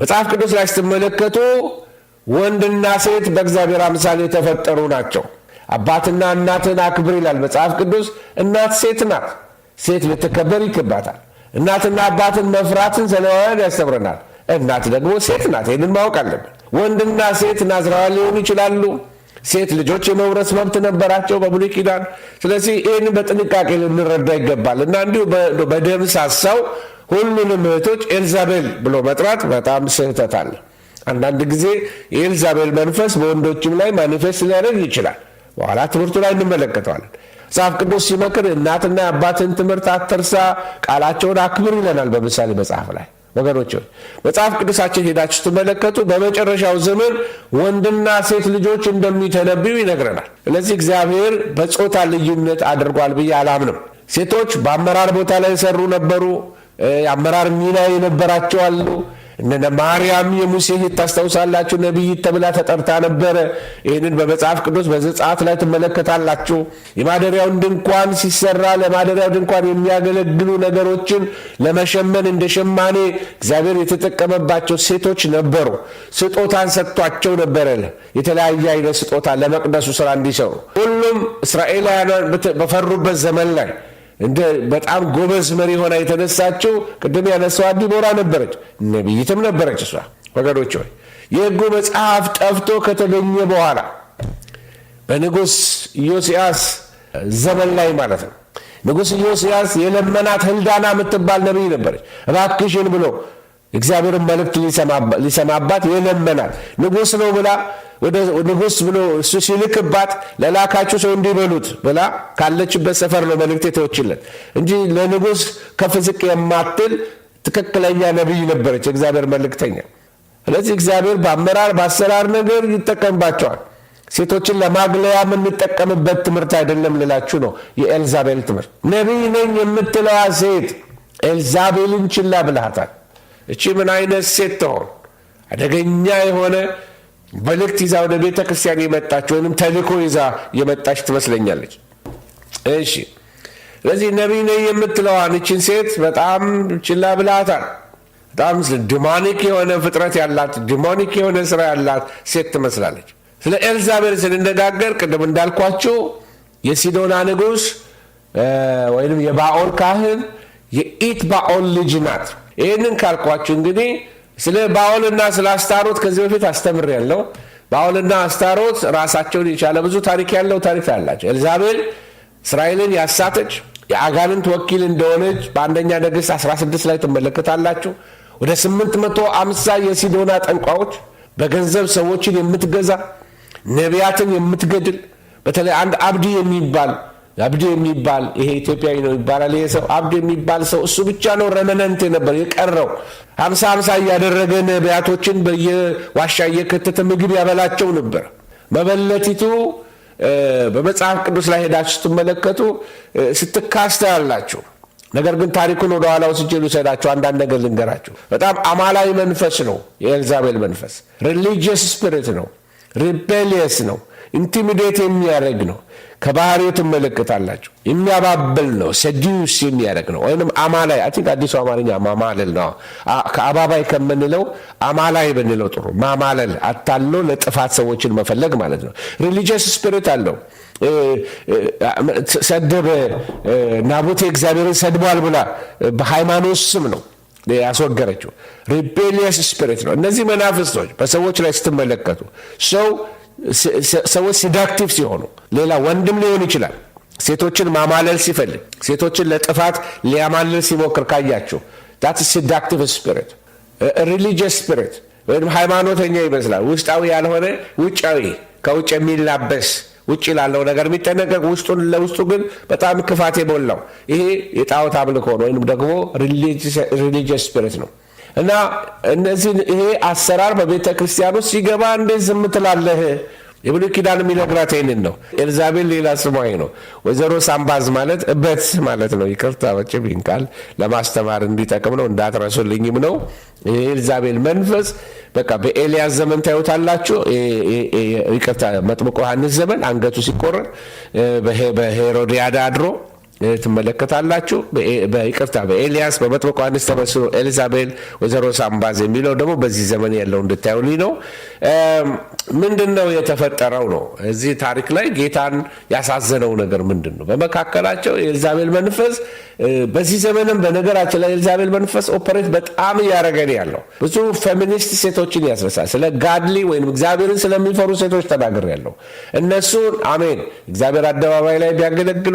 መጽሐፍ ቅዱስ ላይ ስትመለከቱ ወንድና ሴት በእግዚአብሔር አምሳሌ የተፈጠሩ ናቸው። አባትና እናትን አክብር ይላል መጽሐፍ ቅዱስ። እናት ሴት ናት። ሴት ልትከበር ይገባታል። እናትና አባትን መፍራትን ዘሌዋውያን ያስተምረናል። እናት ደግሞ ሴት ናት። ይህንን ማወቅ አለብን። ወንድና ሴት ናዝራውያን ሊሆኑ ይችላሉ። ሴት ልጆች የመውረስ መብት ነበራቸው በብሉይ ኪዳን። ስለዚህ ይህን በጥንቃቄ ልንረዳ ይገባል እና እንዲሁ በደምሳሳው ሁሉንም እህቶች ኤልዛቤል ብሎ መጥራት በጣም ስህተት አለ። አንዳንድ ጊዜ የኤልዛቤል መንፈስ በወንዶችም ላይ ማኒፌስት ሊያደርግ ይችላል። በኋላ ትምህርቱ ላይ እንመለከተዋለን። መጽሐፍ ቅዱስ ሲመክር እናትና አባትን ትምህርት አትርሳ፣ ቃላቸውን አክብር ይለናል በምሳሌ መጽሐፍ ላይ። ወገኖች ሆይ መጽሐፍ ቅዱሳችን ሄዳችሁ ስትመለከቱ በመጨረሻው ዘመን ወንድና ሴት ልጆች እንደሚተነብዩ ይነግረናል። ስለዚህ እግዚአብሔር በጾታ ልዩነት አድርጓል ብዬ አላምንም። ሴቶች በአመራር ቦታ ላይ የሰሩ ነበሩ። የአመራር ሚና የነበራቸው አሉ። እነ ማርያም የሙሴ እህት ታስታውሳላችሁ፣ ነቢይት ተብላ ተጠርታ ነበረ። ይህንን በመጽሐፍ ቅዱስ በዘጸአት ላይ ትመለከታላችሁ። የማደሪያውን ድንኳን ሲሰራ ለማደሪያው ድንኳን የሚያገለግሉ ነገሮችን ለመሸመን እንደ ሸማኔ እግዚአብሔር የተጠቀመባቸው ሴቶች ነበሩ። ስጦታን ሰጥቷቸው ነበረ፣ የተለያየ አይነት ስጦታ ለመቅደሱ ስራ እንዲሰሩ። ሁሉም እስራኤላውያን በፈሩበት ዘመን ላይ እንደ በጣም ጎበዝ መሪ ሆና የተነሳችው ቅድም ያነሳው ዲቦራ ነበረች፣ ነቢይትም ነበረች። እሷ ወገኖች ሆይ የሕጉ መጽሐፍ ጠፍቶ ከተገኘ በኋላ በንጉሥ ኢዮስያስ ዘመን ላይ ማለት ነው። ንጉሥ ኢዮስያስ የለመናት ህልዳና የምትባል ነቢይ ነበረች። እባክሽን ብሎ እግዚአብሔርን መልእክት ሊሰማባት ይለመናል። ንጉሥ ነው ብላ ወደ ንጉሥ ብሎ እሱ ሲልክባት ለላካችሁ ሰው እንዲበሉት ብላ ካለችበት ሰፈር ነው መልእክት የተወችለት እንጂ ለንጉሥ ከፍ ዝቅ የማትል ትክክለኛ ነቢይ ነበረች፣ እግዚአብሔር መልእክተኛ። ስለዚህ እግዚአብሔር በአመራር በአሰራር ነገር ይጠቀምባቸዋል። ሴቶችን ለማግለያ የምንጠቀምበት ትምህርት አይደለም ልላችሁ ነው የኤልዛቤል ትምህርት። ነቢይ ነኝ የምትለዋ ሴት ኤልዛቤልን ችላ ብልሃታል። እቺ ምን አይነት ሴት ትሆን? አደገኛ የሆነ መልእክት ይዛ ወደ ቤተ ክርስቲያን የመጣች ወይም ተልእኮ ይዛ የመጣች ትመስለኛለች። እሺ ስለዚህ ነቢይ ነኝ የምትለዋን እችን ሴት በጣም ችላ ብላታል። በጣም ዲሞኒክ የሆነ ፍጥረት ያላት ዲሞኒክ የሆነ ስራ ያላት ሴት ትመስላለች። ስለ ኤልዛቤል ስንነጋገር ቅድም እንዳልኳችው የሲዶና ንጉስ ወይም የባኦል ካህን የኢት ባኦል ልጅ ናት። ይህንን ካልኳችሁ እንግዲህ ስለ ባኦልና ስለ አስታሮት ከዚህ በፊት አስተምር ያለው ባኦልና አስታሮት ራሳቸውን የቻለ ብዙ ታሪክ ያለው ታሪክ አላቸው። ኤልዛቤል እስራኤልን ያሳተች የአጋንንት ወኪል እንደሆነች በአንደኛ ነገሥት 16 ላይ ትመለከታላችሁ። ወደ 850 የሲዶና ጠንቋዎች በገንዘብ ሰዎችን የምትገዛ ነቢያትን የምትገድል በተለይ አንድ አብዲ የሚባል አብዱ የሚባል ይሄ ኢትዮጵያዊ ነው ይባላል። ይሄ ሰው አብዱ የሚባል ሰው እሱ ብቻ ነው ረመነንት ነበር የቀረው። አምሳ አምሳ እያደረገ ነቢያቶችን በየዋሻ እየከተተ ምግብ ያበላቸው ነበር። መበለቲቱ በመጽሐፍ ቅዱስ ላይ ሄዳችሁ ስትመለከቱ ስትካስተ ያላችሁ ነገር ግን ታሪኩን ወደኋላ ወስጄ ልውሰዳችሁ። አንዳንድ ነገር ልንገራችሁ። በጣም አማላዊ መንፈስ ነው የኤልዛቤል መንፈስ ሪሊጂየስ ስፒሪት ነው። ሪቤሊየስ ነው። ኢንቲሚዴት የሚያደርግ ነው። ከባህሪው ትመለከታላችሁ። የሚያባብል ነው። ሰዲዩስ የሚያደርግ ነው። ወይም አማላይ አይ ቲንክ አዲሱ አማርኛ ማማለል ነው። ከአባባይ ከምንለው አማላይ ብንለው ጥሩ። ማማለል አታሎ ለጥፋት ሰዎችን መፈለግ ማለት ነው። ሪሊጂየስ ስፒሪት አለው። ሰደበ ናቡቴ እግዚአብሔርን ሰድቧል ብላ በሃይማኖት ስም ነው ያስወገረችው ሪቤሊየስ ስፒሪት ነው። እነዚህ መናፍስቶች በሰዎች ላይ ስትመለከቱ ሰው ሰዎች ሲዳክቲቭ ሲሆኑ ሌላ ወንድም ሊሆን ይችላል ሴቶችን ማማለል ሲፈልግ ሴቶችን ለጥፋት ሊያማልል ሲሞክር ካያችሁ ዳት ሲዳክቲቭ ስፒሪት ሪሊጂየስ ስፒሪት ወይም ሃይማኖተኛ ይመስላል ውስጣዊ ያልሆነ ውጫዊ ከውጭ የሚላበስ ውጭ ላለው ነገር የሚጠነቀቅ ውስጡን ለውስጡ ግን በጣም ክፋት የሞላው ይሄ የጣዖት አምልኮ ነው፣ ወይም ደግሞ ሪሊጂየስ ስፒሪት ነው እና እነዚህ ይሄ አሰራር በቤተ ክርስቲያን ውስጥ ሲገባ እንዴት ዝም ትላለህ የብሉይ ኪዳን የሚነግራት ይህንን ነው። ኤልዛቤል ሌላ ስሟ ነው። ወይዘሮ ሳምባዝ ማለት እበት ማለት ነው። ይቅርታ መቼም ይህን ቃል ለማስተማር እንዲጠቅም ነው እንዳትረሱልኝም ነው። የኤልዛቤል መንፈስ በቃ በኤልያስ ዘመን ታዩታላችሁ። ይቅርታ መጥምቁ ዮሐንስ ዘመን አንገቱ ሲቆረጥ በሄሮድያዳ አድሮ ትመለከታላችሁ። በይቅርታ በኤልያስ በመጥምቁ ዮሐንስ ተመስሎ ኤልዛቤል፣ ወይዘሮ ሳምባዝ የሚለው ደግሞ በዚህ ዘመን ያለው እንድታዩልኝ ነው። ምንድን ነው የተፈጠረው ነው። እዚህ ታሪክ ላይ ጌታን ያሳዘነው ነገር ምንድን ነው? በመካከላቸው የኤልዛቤል መንፈስ በዚህ ዘመንም በነገራችን ላይ ኤልዛቤል መንፈስ ኦፐሬት በጣም እያደረገን ያለው ብዙ ፌሚኒስት ሴቶችን ያስነሳል። ስለ ጋድሊ ወይም እግዚአብሔርን ስለሚፈሩ ሴቶች ተናግሬያለሁ። እነሱን አሜን እግዚአብሔር አደባባይ ላይ ቢያገለግሉ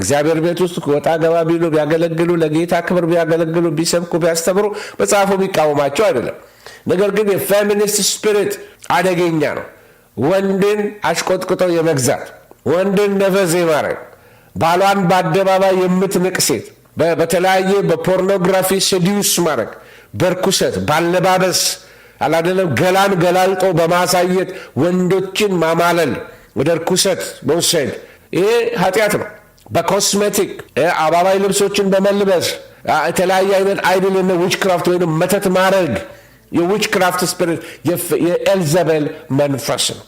እግዚአብሔር ቤት ውስጥ ወጣ ገባ ቢሉ ቢያገለግሉ ለጌታ ክብር ቢያገለግሉ ቢሰብኩ ቢያስተምሩ መጽሐፉ ቢቃወማቸው አይደለም። ነገር ግን የፌሚኒስት ስፒሪት አደገኛ ነው። ወንድን አሽቆጥቁጦ የመግዛት ወንድን ነፈዝ የማረግ ባሏን በአደባባይ የምትንቅ ሴት በተለያየ በፖርኖግራፊ ሰዲውስ ማድረግ በርኩሰት ባለባበስ አላደለም ገላን ገላልጦ በማሳየት ወንዶችን ማማለል ወደ ርኩሰት መውሰድ ይሄ ኃጢአት ነው። በኮስሜቲክ አባባይ ልብሶችን በመልበስ የተለያየ አይነት አይድል ዊች ክራፍት ወይም መተት ማድረግ የዊች ክራፍት ስፒሪት የኤልዘቤል መንፈስ ነው።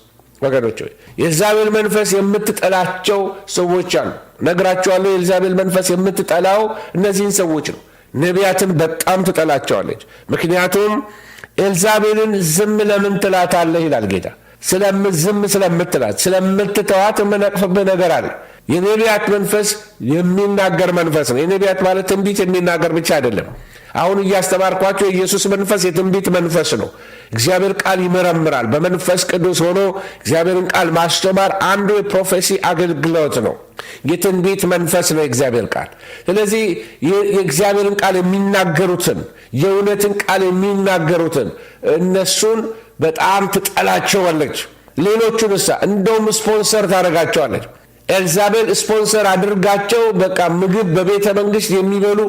ወገኖች የኤልዛቤል መንፈስ የምትጠላቸው ሰዎች አሉ። ነግራቸዋለሁ። የኤልዛቤል መንፈስ የምትጠላው እነዚህን ሰዎች ነው። ነቢያትን በጣም ትጠላቸዋለች። ምክንያቱም ኤልዛቤልን ዝም ለምን ትላታለህ ይላል ጌታ ስለምዝም ስለምትላት ስለምትተዋት የምነቅፍብህ ነገር አለ። የነቢያት መንፈስ የሚናገር መንፈስ ነው። የነቢያት ማለት ትንቢት የሚናገር ብቻ አይደለም። አሁን እያስተማርኳቸው የኢየሱስ መንፈስ የትንቢት መንፈስ ነው። እግዚአብሔር ቃል ይመረምራል። በመንፈስ ቅዱስ ሆኖ እግዚአብሔርን ቃል ማስተማር አንዱ የፕሮፌሲ አገልግሎት ነው። የትንቢት መንፈስ ነው የእግዚአብሔር ቃል። ስለዚህ የእግዚአብሔርን ቃል የሚናገሩትን የእውነትን ቃል የሚናገሩትን እነሱን በጣም ትጠላቸዋለች። ሌሎቹን እሳ እንደውም ስፖንሰር ታደርጋቸዋለች። ኤልዛቤል ስፖንሰር አድርጋቸው በቃ ምግብ በቤተ መንግስት የሚበሉ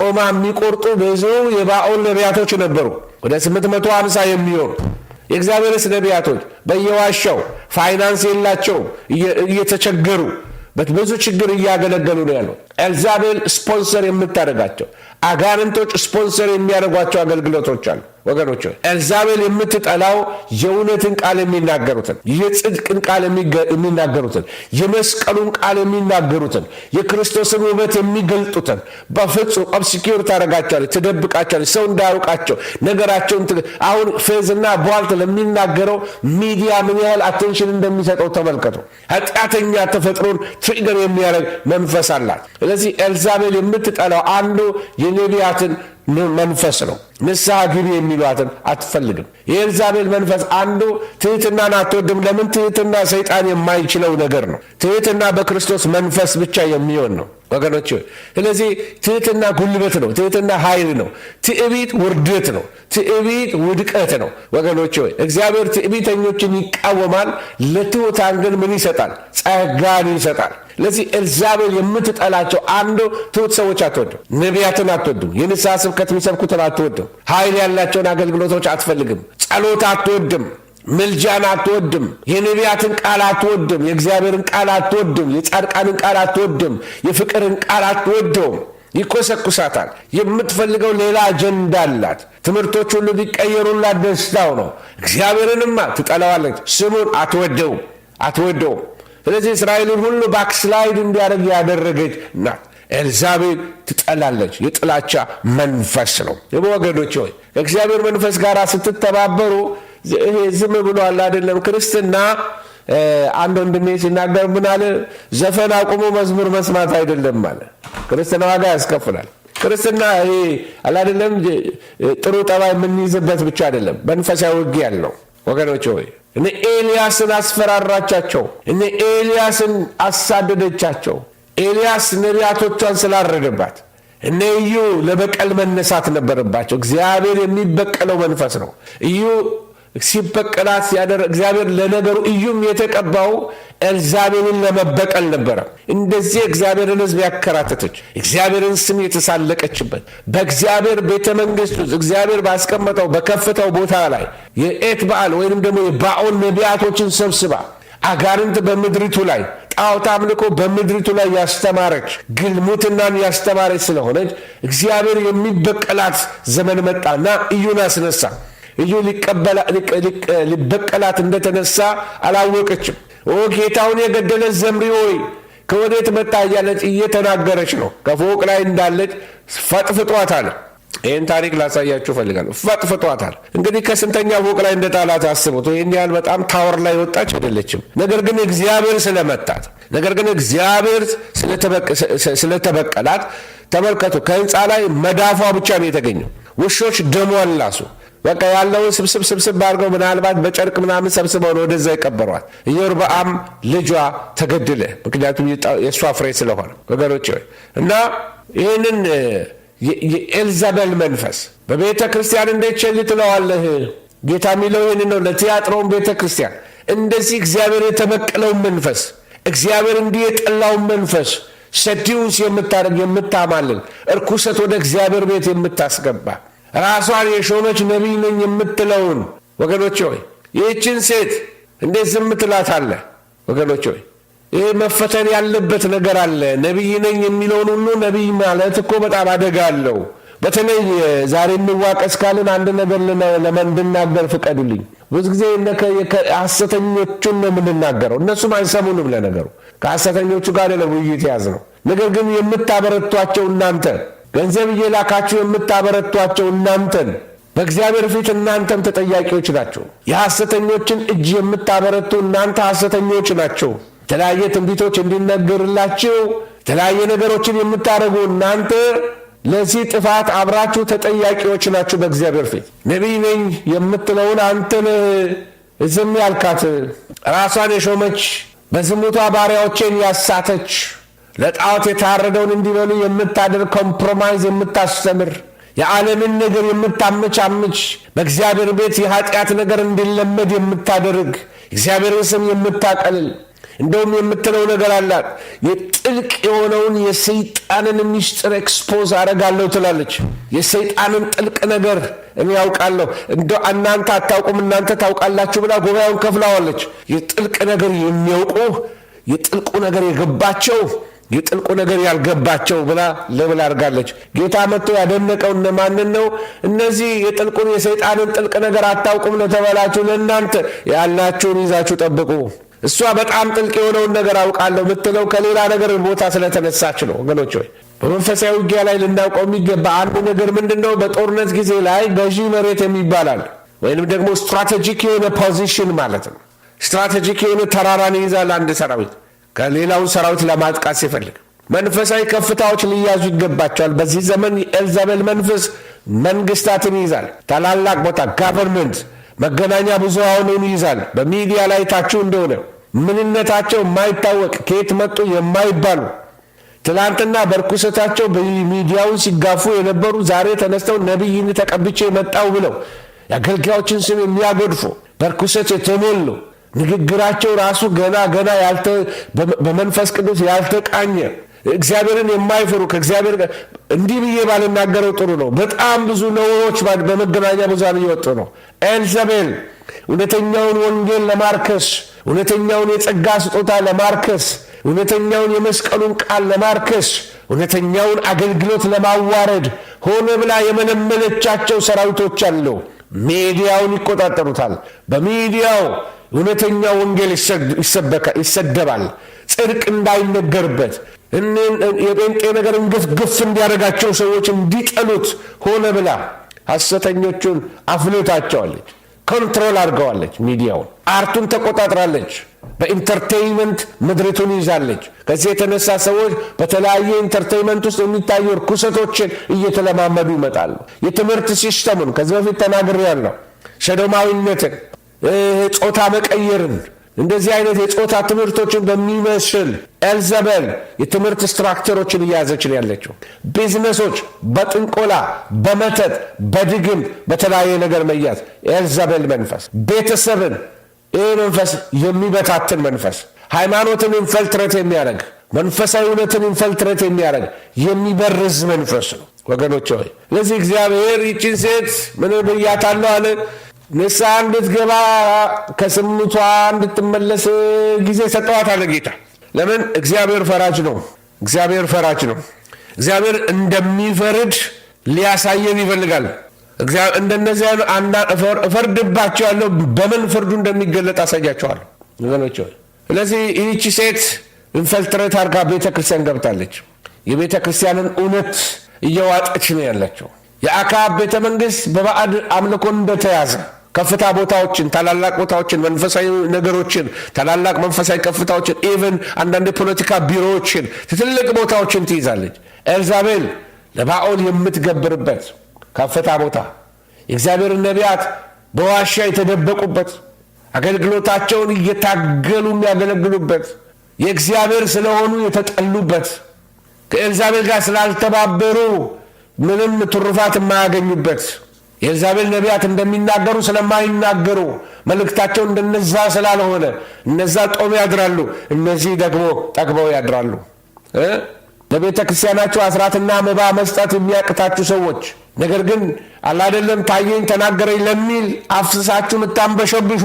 ጮማ የሚቆርጡ ብዙ የባኦል ነቢያቶች ነበሩ፣ ወደ 850 የሚሆኑ የእግዚአብሔርስ ነቢያቶች በየዋሻው ፋይናንስ የላቸውም፣ እየተቸገሩ ብዙ ችግር እያገለገሉ ነው ያለው። ኤልዛቤል ስፖንሰር የምታደርጋቸው አጋንንቶች ስፖንሰር የሚያደርጓቸው አገልግሎቶች አሉ። ወገኖች ኤልዛቤል የምትጠላው የእውነትን ቃል የሚናገሩትን የጽድቅን ቃል የሚናገሩትን የመስቀሉን ቃል የሚናገሩትን የክርስቶስን ውበት የሚገልጡትን በፍጹም ኦብስኪር ታደረጋቸዋለች፣ ትደብቃቸዋለች፣ ሰው እንዳያውቃቸው ነገራቸውን። አሁን ፌዝና ቧልት ለሚናገረው ሚዲያ ምን ያህል አቴንሽን እንደሚሰጠው ተመልከቱ። ኃጢአተኛ ተፈጥሮን ትሪገር የሚያደርግ መንፈስ አላት። ስለዚህ ኤልዛቤል የምትጠላው አንዱ የሌቢያትን መንፈስ ነው። ንስሐ ግቢ የሚሏትን አትፈልግም። የኤልዛቤል መንፈስ አንዱ ትህትናን አትወድም። ለምን? ትህትና ሰይጣን የማይችለው ነገር ነው። ትህትና በክርስቶስ መንፈስ ብቻ የሚሆን ነው። ወገኖች ስለዚህ ትህትና ጉልበት ነው። ትህትና ኃይል ነው። ትዕቢት ውርደት ነው። ትዕቢት ውድቀት ነው። ወገኖች ሆይ እግዚአብሔር ትዕቢተኞችን ይቃወማል፣ ለትሑታን ግን ምን ይሰጣል? ጸጋን ይሰጣል። ስለዚህ እግዚአብሔር የምትጠላቸው አንዱ ትሑት ሰዎች አትወድም። ነቢያትን አትወድም። የንስሐ ስብከት የሚሰብኩትን አትወድም። ኃይል ያላቸውን አገልግሎቶች አትፈልግም። ጸሎት አትወድም። ምልጃን አትወድም። የነቢያትን ቃል አትወድም። የእግዚአብሔርን ቃል አትወድም። የጻድቃንን ቃል አትወድም። የፍቅርን ቃል አትወደውም። ይኮሰኩሳታል። የምትፈልገው ሌላ አጀንዳ አላት። ትምህርቶች ሁሉ ቢቀየሩላት ደስታው ነው። እግዚአብሔርንማ ትጠላዋለች። ስሙን አትወደውም አትወደውም። ስለዚህ እስራኤልን ሁሉ ባክስላይድ እንዲያደርግ ያደረገች ናት። ኤልዛቤል ትጠላለች። የጥላቻ መንፈስ ነው። ወገኖች ሆይ ከእግዚአብሔር መንፈስ ጋር ስትተባበሩ ይሄ ዝም ብሏል አይደለም። ክርስትና አንድ ወንድሜ ሲናገር ምን አለ፣ ዘፈን አቁሞ መዝሙር መስማት አይደለም አለ። ክርስትና ዋጋ ያስከፍላል። ክርስትና ይሄ አላደለም፣ ጥሩ ጠባይ የምንይዝበት ብቻ አይደለም፣ መንፈሳዊ ውጊ ያለው ወገኖች ሆይ እነ ኤልያስን አስፈራራቻቸው። እነ ኤልያስን አሳደደቻቸው። ኤልያስ ነቢያቶቿን ስላረደባት እነ እዩ ለበቀል መነሳት ነበረባቸው። እግዚአብሔር የሚበቀለው መንፈስ ነው እዩ ሲበቀላት ያደረ እግዚአብሔር ለነገሩ እዩም የተቀባው ኤልዛቤልን ለመበቀል ነበረ። እንደዚህ እግዚአብሔርን ሕዝብ ያከራተተች እግዚአብሔርን ስም የተሳለቀችበት በእግዚአብሔር ቤተ መንግስት ውስጥ እግዚአብሔር ባስቀመጠው በከፍተው ቦታ ላይ የኤት በዓል ወይንም ደግሞ የባኦል ነቢያቶችን ሰብስባ አጋርንት በምድሪቱ ላይ ጣዖት አምልኮ በምድሪቱ ላይ ያስተማረች ግልሙትናን ያስተማረች ስለሆነች እግዚአብሔር የሚበቀላት ዘመን መጣና እዩን አስነሳ። እዩ ሊበቀላት እንደተነሳ አላወቀችም። ጌታውን የገደለ ዘምሪ ሆይ ከወዴት መጣ እያለች እየተናገረች ነው። ከፎቅ ላይ እንዳለች ፈጥፍጧታል። ይህን ታሪክ ላሳያችሁ እፈልጋለሁ። ፈጥፍጧታል። እንግዲህ ከስንተኛ ፎቅ ላይ እንደ ጣላት አስቡት። ይህን ያህል በጣም ታወር ላይ ወጣች አይደለችም። ነገር ግን እግዚአብሔር ስለመታት፣ ነገር ግን እግዚአብሔር ስለተበቀላት ተመልከቱ። ከህንፃ ላይ መዳፏ ብቻ ነው የተገኘው። ውሾች ደሟን ላሱ። በቃ ያለውን ስብስብ ስብስብ አድርገው ምናልባት በጨርቅ ምናምን ሰብስበው ነው ወደዛ የቀበሯል። ኢዮርብዓም ልጇ ተገደለ፣ ምክንያቱም የእሷ ፍሬ ስለሆነ ወገኖች እና ይህንን የኤልዛቤል መንፈስ በቤተ ክርስቲያን እንዴት ቸል ትለዋለህ? ጌታ የሚለው ይህን ነው። ለትያጥሮን ቤተ ክርስቲያን እንደዚህ እግዚአብሔር የተበቀለውን መንፈስ እግዚአብሔር እንዲህ የጠላውን መንፈስ ሰዲውስ የምታደርግ የምታማልን እርኩሰት ወደ እግዚአብሔር ቤት የምታስገባ ራሷን የሾመች ነቢይ ነኝ የምትለውን ወገኖች ሆይ ይህችን ሴት እንዴት ዝም ትላታለ? ወገኖች ሆይ ይህ መፈተን ያለበት ነገር አለ። ነቢይ ነኝ የሚለውን ሁሉ ነቢይ ማለት እኮ በጣም አደጋ አለው። በተለይ ዛሬ እንዋቀስ ካልን አንድ ነገር እንድናገር ፍቀዱልኝ። ብዙ ጊዜ ሐሰተኞቹን ነው የምንናገረው፣ እነሱም አይሰሙንም። ለነገሩ ከሐሰተኞቹ ጋር ለውይይት ያዝ ነው። ነገር ግን የምታበረቷቸው እናንተ ገንዘብ እየላካችሁ የምታበረቷቸው እናንተን በእግዚአብሔር ፊት እናንተም ተጠያቂዎች ናቸው። የሐሰተኞችን እጅ የምታበረቱ እናንተ ሐሰተኞች ናቸው። የተለያየ ትንቢቶች እንዲነገርላቸው የተለያየ ነገሮችን የምታደርጉ እናንተ ለዚህ ጥፋት አብራችሁ ተጠያቂዎች ናችሁ በእግዚአብሔር ፊት። ነቢይ ነኝ የምትለውን አንተን ዝም ያልካት ራሷን የሾመች በዝሙቷ ባሪያዎቼን ያሳተች ለጣዖት የታረደውን እንዲበሉ የምታደርግ ኮምፕሮማይዝ የምታስተምር የዓለምን ነገር የምታመቻምች በእግዚአብሔር ቤት የኃጢአት ነገር እንዲለመድ የምታደርግ እግዚአብሔርን ስም የምታቀልል እንደውም የምትለው ነገር አላት። የጥልቅ የሆነውን የሰይጣንን ሚስጥር ኤክስፖዝ አረጋለሁ ትላለች። የሰይጣንን ጥልቅ ነገር እኔ ያውቃለሁ፣ እንደ እናንተ አታውቁም፣ እናንተ ታውቃላችሁ ብላ ጉባኤውን ከፍላዋለች። የጥልቅ ነገር የሚያውቁ የጥልቁ ነገር የገባቸው የጥልቁ ነገር ያልገባቸው ብላ ለብል አድርጋለች። ጌታ መጥቶ ያደነቀው እነማንን ነው? እነዚህ የጥልቁን የሰይጣንን ጥልቅ ነገር አታውቁም ለተባላችሁ ለእናንተ ያላችሁን ይዛችሁ ጠብቁ። እሷ በጣም ጥልቅ የሆነውን ነገር አውቃለሁ የምትለው ከሌላ ነገር ቦታ ስለተነሳች ነው። ወገኖች ሆይ በመንፈሳዊ ውጊያ ላይ ልናውቀው የሚገባ አንድ ነገር ምንድን ነው? በጦርነት ጊዜ ላይ ገዢ መሬት የሚባላል ወይንም ደግሞ ስትራቴጂክ የሆነ ፖዚሽን ማለት ነው። ስትራቴጂክ የሆነ ተራራን ይይዛል አንድ ሰራዊት ከሌላውን ሰራዊት ለማጥቃት ሲፈልግ መንፈሳዊ ከፍታዎች ሊያዙ ይገባቸዋል። በዚህ ዘመን የኤልዛቤል መንፈስ መንግስታትን ይይዛል። ታላላቅ ቦታ ጋቨርንመንት፣ መገናኛ ብዙሃኑን ይይዛል። በሚዲያ ላይ ታችሁ እንደሆነ ምንነታቸው የማይታወቅ ከየት መጡ የማይባሉ ትላንትና በርኩሰታቸው በሚዲያውን ሲጋፉ የነበሩ ዛሬ ተነስተው ነቢይን ተቀብቼ መጣው ብለው የአገልጋዮችን ስም የሚያጎድፉ በርኩሰት የተሞሉ ንግግራቸው ራሱ ገና ገና በመንፈስ ቅዱስ ያልተቃኘ እግዚአብሔርን የማይፈሩ ከእግዚአብሔር ጋር እንዲህ ብዬ ባልናገረው ጥሩ ነው። በጣም ብዙ ነውሮች በመገናኛ ብዙሃን እየወጡ ነው። ኤልዛቤል እውነተኛውን ወንጌል ለማርከስ እውነተኛውን የጸጋ ስጦታ ለማርከስ እውነተኛውን የመስቀሉን ቃል ለማርከስ እውነተኛውን አገልግሎት ለማዋረድ ሆነ ብላ የመለመለቻቸው ሰራዊቶች አለው። ሚዲያውን ይቆጣጠሩታል። በሚዲያው እውነተኛ ወንጌል ይሰደባል፣ ጽድቅ እንዳይነገርበት የጴንጤ ነገር እንግፍግፍ እንዲያደርጋቸው ሰዎች እንዲጠሉት ሆነ ብላ ሐሰተኞቹን አፍልታቸዋለች። ኮንትሮል አድርገዋለች። ሚዲያውን አርቱን ተቆጣጥራለች። በኢንተርቴይንመንት ምድሪቱን ይዛለች። ከዚህ የተነሳ ሰዎች በተለያየ ኢንተርቴይንመንት ውስጥ የሚታዩ ርኩሰቶችን እየተለማመዱ ይመጣሉ። የትምህርት ሲስተሙን ከዚህ በፊት ተናግሬያለሁ። ሸዶማዊነትን ጾታ መቀየርን እንደዚህ አይነት የጾታ ትምህርቶችን በሚመስል ኤልዘበል የትምህርት ስትራክቸሮችን እየያዘች ያለችው። ቢዝነሶች በጥንቆላ በመተት በድግም በተለያየ ነገር መያዝ ኤልዘበል መንፈስ፣ ቤተሰብን ይህ መንፈስ የሚበታትን መንፈስ፣ ሃይማኖትን ኢንፈልትሬት የሚያደርግ መንፈሳዊ እውነትን ኢንፈልትሬት የሚያደርግ የሚበርዝ መንፈስ ነው ወገኖች ሆይ። ለዚህ እግዚአብሔር ይቺን ሴት ምን ብያታለሁ አለ ንስሐ እንድትገባ ከስምቷ እንድትመለስ ጊዜ ሰጠዋታል ጌታ። ለምን? እግዚአብሔር ፈራጅ ነው። እግዚአብሔር ፈራጅ ነው። እግዚአብሔር እንደሚፈርድ ሊያሳየን ይፈልጋል። እንደነዚያ ያለው በምን ፍርዱ እንደሚገለጥ አሳያቸዋለሁ ወገኖች። ስለዚህ ይህቺ ሴት ኢንፈልትሬት አድርጋ ቤተ ክርስቲያን ገብታለች። የቤተ ክርስቲያንን እውነት እየዋጠች ነው ያላቸው። የአካብ ቤተ መንግስት በባዕድ አምልኮ እንደተያዘ ከፍታ ቦታዎችን፣ ታላላቅ ቦታዎችን፣ መንፈሳዊ ነገሮችን፣ ታላላቅ መንፈሳዊ ከፍታዎችን፣ ኢቨን አንዳንድ የፖለቲካ ቢሮዎችን፣ ትልልቅ ቦታዎችን ትይዛለች። ኤልዛቤል ለባኦል የምትገብርበት ከፍታ ቦታ፣ የእግዚአብሔር ነቢያት በዋሻ የተደበቁበት አገልግሎታቸውን እየታገሉ የሚያገለግሉበት የእግዚአብሔር ስለሆኑ የተጠሉበት ከኤልዛቤል ጋር ስላልተባበሩ ምንም ትሩፋት የማያገኙበት የኤልዛቤል ነቢያት እንደሚናገሩ ስለማይናገሩ መልእክታቸው እንደነዛ ስላልሆነ እነዛ ጦም ያድራሉ፣ እነዚህ ደግሞ ጠግበው ያድራሉ። ለቤተ ክርስቲያናችሁ አስራትና መባ መስጠት የሚያቅታችሁ ሰዎች ነገር ግን አላደለም ታየኝ ተናገረኝ ለሚል አፍስሳችሁ የምታንበሸብሹ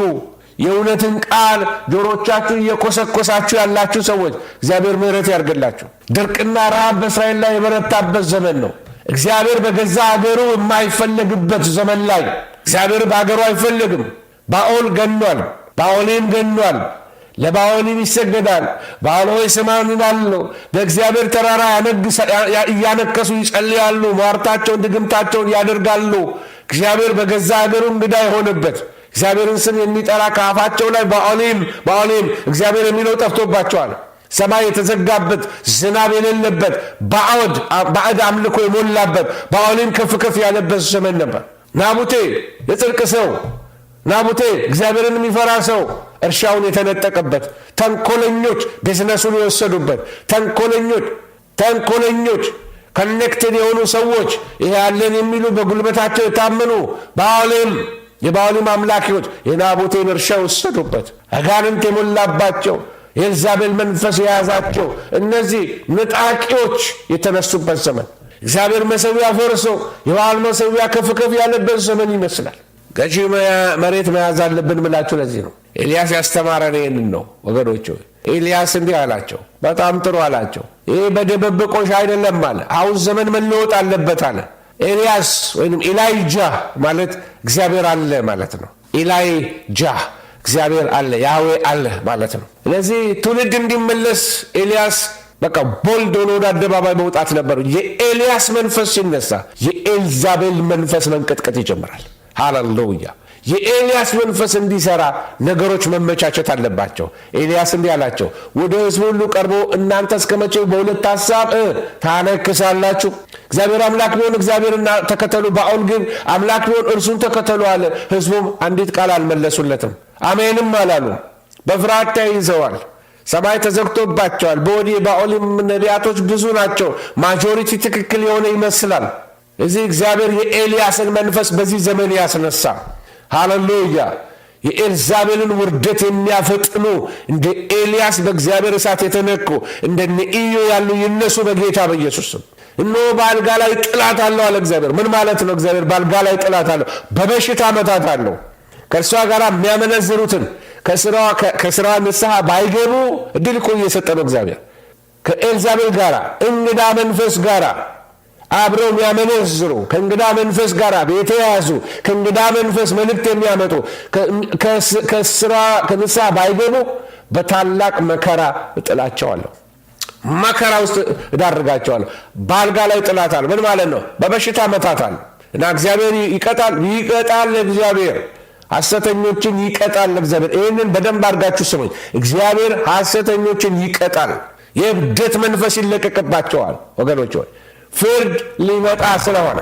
የእውነትን ቃል ጆሮቻችሁ እየኮሰኮሳችሁ ያላችሁ ሰዎች እግዚአብሔር ምሕረት ያድርግላችሁ። ድርቅና ረሃብ በእስራኤል ላይ የበረታበት ዘመን ነው። እግዚአብሔር በገዛ አገሩ የማይፈለግበት ዘመን ላይ እግዚአብሔር በአገሩ አይፈለግም። ባኦል ገኗል፣ ባኦሊን ገኗል። ለባኦሊን ይሰገዳል። ሆይ ስማንን አለው። በእግዚአብሔር ተራራ እያነከሱ ይጸልያሉ። ሟርታቸውን ድግምታቸውን ያደርጋሉ። እግዚአብሔር በገዛ አገሩ እንግዳ የሆነበት እግዚአብሔርን ስም የሚጠራ ከአፋቸው ላይ ባኦሊም ባኦሊም እግዚአብሔር የሚለው ጠፍቶባቸዋል። ሰማይ የተዘጋበት ዝናብ የሌለበት ባዕድ አምልኮ የሞላበት በአውሊም ከፍ ከፍ ያለበት ዘመን ነበር። ናቡቴ የጽድቅ ሰው ናቡቴ እግዚአብሔርን የሚፈራ ሰው እርሻውን የተነጠቀበት፣ ተንኮለኞች ቢዝነሱን የወሰዱበት፣ ተንኮለኞች ተንኮለኞች ኮኔክትድ የሆኑ ሰዎች ይሄ ያለን የሚሉ በጉልበታቸው የታመኑ በአውሊም የባውሊም አምላኪዎች የናቡቴን እርሻ ወሰዱበት። አጋንንት የሞላባቸው የእግዚአብሔር መንፈስ የያዛቸው እነዚህ ንጣቂዎች የተነሱበት ዘመን እግዚአብሔር መሰዊያ ፈርሶ የበዓል መሰዊያ ከፍ ያለበት ዘመን ይመስላል። ገዢ መሬት መያዝ አለብን ብላችሁ ለዚህ ነው ኤልያስ ያስተማረን ይህንን ነው ወገኖች። ኤልያስ እንዲህ አላቸው፣ በጣም ጥሩ አላቸው። ይህ በደበብቆሽ አይደለም አለ። አሁን ዘመን መለወጥ አለበት አለ። ኤልያስ ወይም ኢላይጃ ማለት እግዚአብሔር አለ ማለት ነው። ኢላይጃ እግዚአብሔር አለ ያዌ አለ ማለት ነው። ስለዚህ ትውልድ እንዲመለስ ኤልያስ በቃ ቦልድ ሆኖ ወደ አደባባይ መውጣት ነበር። የኤልያስ መንፈስ ሲነሳ የኤልዛቤል መንፈስ መንቀጥቀጥ ይጀምራል። ሃሌሉያ የኤልያስ መንፈስ እንዲሰራ ነገሮች መመቻቸት አለባቸው። ኤልያስ እንዲህ አላቸው፣ ወደ ሕዝብ ሁሉ ቀርቦ እናንተ እስከ መቼው በሁለት ሀሳብ ታነክሳላችሁ? እግዚአብሔር አምላክ ቢሆን እግዚአብሔርን ተከተሉ፣ በአሁን ግን አምላክ ቢሆን እርሱን ተከተሉ አለ። ህዝቡም አንዲት ቃል አልመለሱለትም፣ አሜንም አላሉ። በፍርሃት ተያይዘዋል። ሰማይ ተዘግቶባቸዋል። በወዲህ በኦሊም ነቢያቶች ብዙ ናቸው። ማጆሪቲ ትክክል የሆነ ይመስላል። እዚህ እግዚአብሔር የኤልያስን መንፈስ በዚህ ዘመን ያስነሳ ሃሌሉያ። የኤልዛቤልን ውርደት የሚያፈጥኑ እንደ ኤልያስ በእግዚአብሔር እሳት የተነኩ እንደ ነኢዮ ያሉ ይነሱ በጌታ በኢየሱስም። እነሆ በአልጋ ላይ ጥላት አለው አለ እግዚአብሔር። ምን ማለት ነው? እግዚአብሔር በአልጋ ላይ ጥላት አለው፣ በበሽታ አመታት አለው። ከእርሷ ጋር የሚያመነዝሩትን ከስራዋ ንስሐ ባይገቡ እድል እኮ እየሰጠ ነው እግዚአብሔር ከኤልዛቤል ጋር እንግዳ መንፈስ ጋር አብረው የሚያመነዝሩ ከእንግዳ መንፈስ ጋር የተያዙ ከእንግዳ መንፈስ መልእክት የሚያመጡ ከስራ ከንሳ ባይገቡ በታላቅ መከራ እጥላቸዋለሁ። መከራ ውስጥ እዳርጋቸዋለሁ። በአልጋ ላይ ጥላታል። ምን ማለት ነው? በበሽታ መታታል እና እግዚአብሔር ይቀጣል። ይቀጣል እግዚአብሔር ሐሰተኞችን ይቀጣል እግዚአብሔር ይህንን በደንብ አድርጋችሁ ስሙኝ። እግዚአብሔር ሐሰተኞችን ይቀጣል። የእብደት መንፈስ ይለቀቅባቸዋል ወገኖች ሆይ ፍርድ ሊመጣ ስለሆነ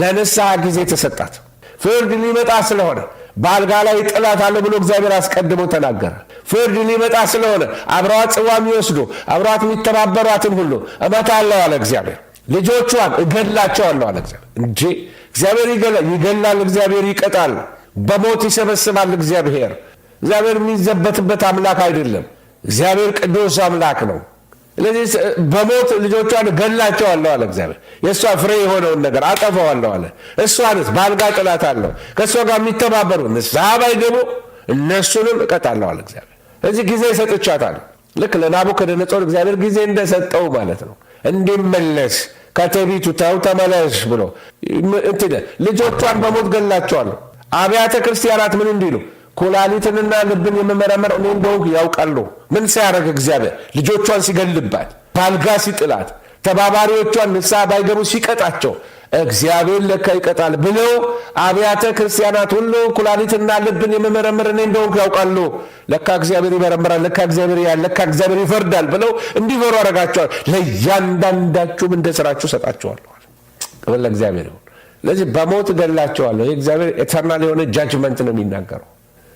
ለንስሐ ጊዜ ተሰጣት። ፍርድ ሊመጣ ስለሆነ በአልጋ ላይ ጥላት አለ ብሎ እግዚአብሔር አስቀድሞ ተናገረ። ፍርድ ሊመጣ ስለሆነ አብረዋት ጽዋ የሚወስዱ አብረዋት የሚተባበሯትን ሁሉ እመታለሁ አለ እግዚአብሔር። ልጆቿን እገድላቸዋለሁ አለ እግዚአብሔር። እንጂ እግዚአብሔር ይገላል፣ እግዚአብሔር ይቀጣል፣ በሞት ይሰበስባል። እግዚአብሔር እግዚአብሔር የሚዘበትበት አምላክ አይደለም። እግዚአብሔር ቅዱስ አምላክ ነው። ስለዚህ በሞት ልጆቿን ገላቸዋለሁ አለ እግዚአብሔር። የእሷ ፍሬ የሆነውን ነገር አጠፋዋለሁ አለ። እሷንስ በአልጋ ጥላት አለው። ከእሷ ጋር የሚተባበሩ ንስሐ ባይገቡ እነሱንም እቀጣለሁ አለ እግዚአብሔር። እዚህ ጊዜ ሰጥቻታለሁ። ልክ ለናቡከደነጾር እግዚአብሔር ጊዜ እንደሰጠው ማለት ነው እንዲመለስ ከተቢቱታው ተመለስ ብሎ ልጆቿን በሞት ገላቸዋለሁ። አብያተ ክርስቲያናት ምን እንዲሉ ኮላሊትንና ልብን የምመረመር እኔ እንደሆንኩ ያውቃሉ። ምን ሲያደርግ እግዚአብሔር ልጆቿን ሲገልባት፣ ባልጋ ሲጥላት፣ ተባባሪዎቿን ንስሐ ባይገቡ ሲቀጣቸው እግዚአብሔር ለካ ይቀጣል ብለው አብያተ ክርስቲያናት ሁሉ ኩላሊትና ልብን የምመረምር እኔ እንደሆንኩ ያውቃሉ። ለካ እግዚአብሔር ይመረምራል፣ ለካ እግዚአብሔር ያል፣ ለካ እግዚአብሔር ይፈርዳል ብለው እንዲፈሩ አደርጋቸዋል። ለእያንዳንዳችሁም እንደ ስራችሁ ሰጣችኋለሁ። ቅብል ለእግዚአብሔር ይሁን። ስለዚህ በሞት እገድላቸዋለሁ። ይህ ኤተርናል የሆነ ጃጅመንት ነው የሚናገረው።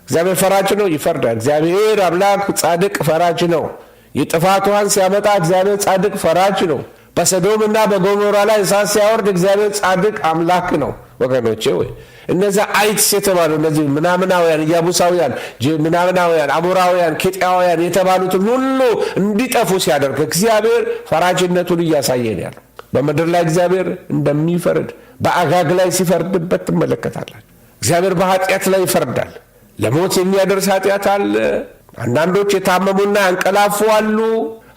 እግዚአብሔር ፈራጅ ነው፣ ይፈርዳል። እግዚአብሔር አምላክ ጻድቅ ፈራጅ ነው። የጥፋት ውሃን ሲያመጣ እግዚአብሔር ጻድቅ ፈራጅ ነው። በሰዶም እና በጎሞራ ላይ እሳት ሲያወርድ እግዚአብሔር ጻድቅ አምላክ ነው። ወገኖቼ ወይ እነዚ አይትስ የተባሉ እነዚህ ምናምናውያን፣ ኢያቡሳውያን፣ ምናምናውያን፣ አሞራውያን፣ ኬጢያውያን የተባሉትን ሁሉ እንዲጠፉ ሲያደርግ እግዚአብሔር ፈራጅነቱን እያሳየን ያለ በምድር ላይ እግዚአብሔር እንደሚፈርድ በአጋግ ላይ ሲፈርድበት ትመለከታለን። እግዚአብሔር በኃጢአት ላይ ይፈርዳል። ለሞት የሚያደርስ ኃጢአት አለ። አንዳንዶች የታመሙና ያንቀላፉ አሉ።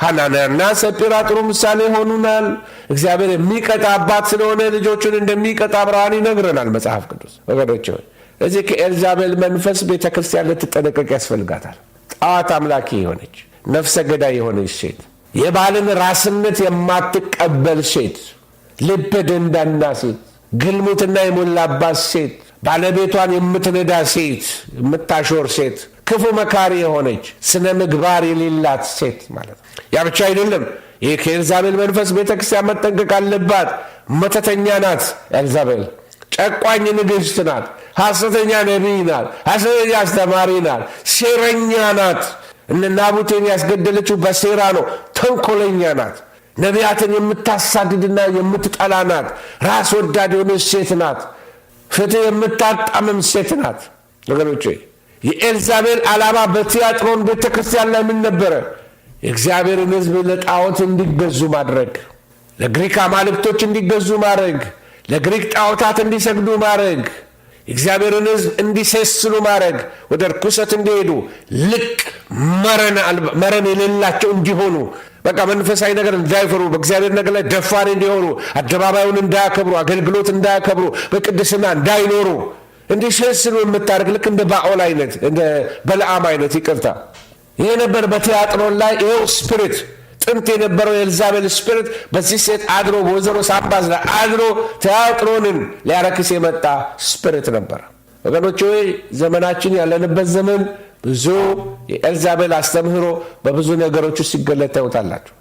ሐናንያና ሰጲራ ጥሩ ምሳሌ ሆኑናል። እግዚአብሔር የሚቀጣ አባት ስለሆነ ልጆቹን እንደሚቀጣ ብርሃን ይነግረናል መጽሐፍ ቅዱስ። ወገኖች ሆይ እዚህ ከኤልዛቤል መንፈስ ቤተ ክርስቲያን ልትጠነቀቅ ያስፈልጋታል። ጣዖት አምላኪ የሆነች ነፍሰ ገዳይ የሆነች ሴት፣ የባልን ራስነት የማትቀበል ሴት፣ ልበ ደንዳና ሴት፣ ግልሙትና የሞላባት ሴት ባለቤቷን የምትነዳ ሴት፣ የምታሾር ሴት፣ ክፉ መካሪ የሆነች ስነ ምግባር የሌላት ሴት ማለት ነው። ያ ብቻ አይደለም። ይህ ከኤልዛቤል መንፈስ ቤተ ክርስቲያን መጠንቀቅ አለባት። መተተኛ ናት ኤልዛቤል። ጨቋኝ ንግሥት ናት። ሐሰተኛ ነቢይ ናት። ሐሰተኛ አስተማሪ ናት። ሴረኛ ናት። እነ ናቡቴን ያስገደለችው በሴራ ነው። ተንኮለኛ ናት። ነቢያትን የምታሳድድና የምትጠላ ናት። ራስ ወዳድ የሆነች ሴት ናት። ፍትህ የምታጣምም ሴት ናት። ወገኖች የኤልዛቤል ዓላማ በትያጥሮን ቤተ ክርስቲያን ላይ ምን ነበረ? የእግዚአብሔርን ሕዝብ ለጣዖት እንዲገዙ ማድረግ፣ ለግሪክ አማልክቶች እንዲገዙ ማድረግ፣ ለግሪክ ጣዖታት እንዲሰግዱ ማድረግ፣ የእግዚአብሔርን ሕዝብ እንዲሴስሉ ማድረግ፣ ወደ ርኩሰት እንዲሄዱ ልቅ መረን የሌላቸው እንዲሆኑ በቃ መንፈሳዊ ነገር እንዳይፈሩ በእግዚአብሔር ነገር ላይ ደፋሪ እንዲሆኑ አደባባዩን እንዳያከብሩ አገልግሎት እንዳያከብሩ በቅድስና እንዳይኖሩ እንዲሸስኑ የምታደርግ ልክ እንደ ባኦል አይነት እንደ በለዓም አይነት ይቅርታ ይሄ ነበር በቲያጥሮን ላይ ይኸው ስፒሪት ጥንት የነበረው የኤልዛቤል ስፒሪት በዚህ ሴት አድሮ በወይዘሮ ሳባስ ላይ አድሮ ቲያጥሮንን ሊያረክስ የመጣ ስፒሪት ነበር ወገኖች ዘመናችን ያለንበት ዘመን ብዙ የኤልዛቤል አስተምህሮ በብዙ ነገሮች ውስጥ ሲገለጥ ታዩታላችሁ።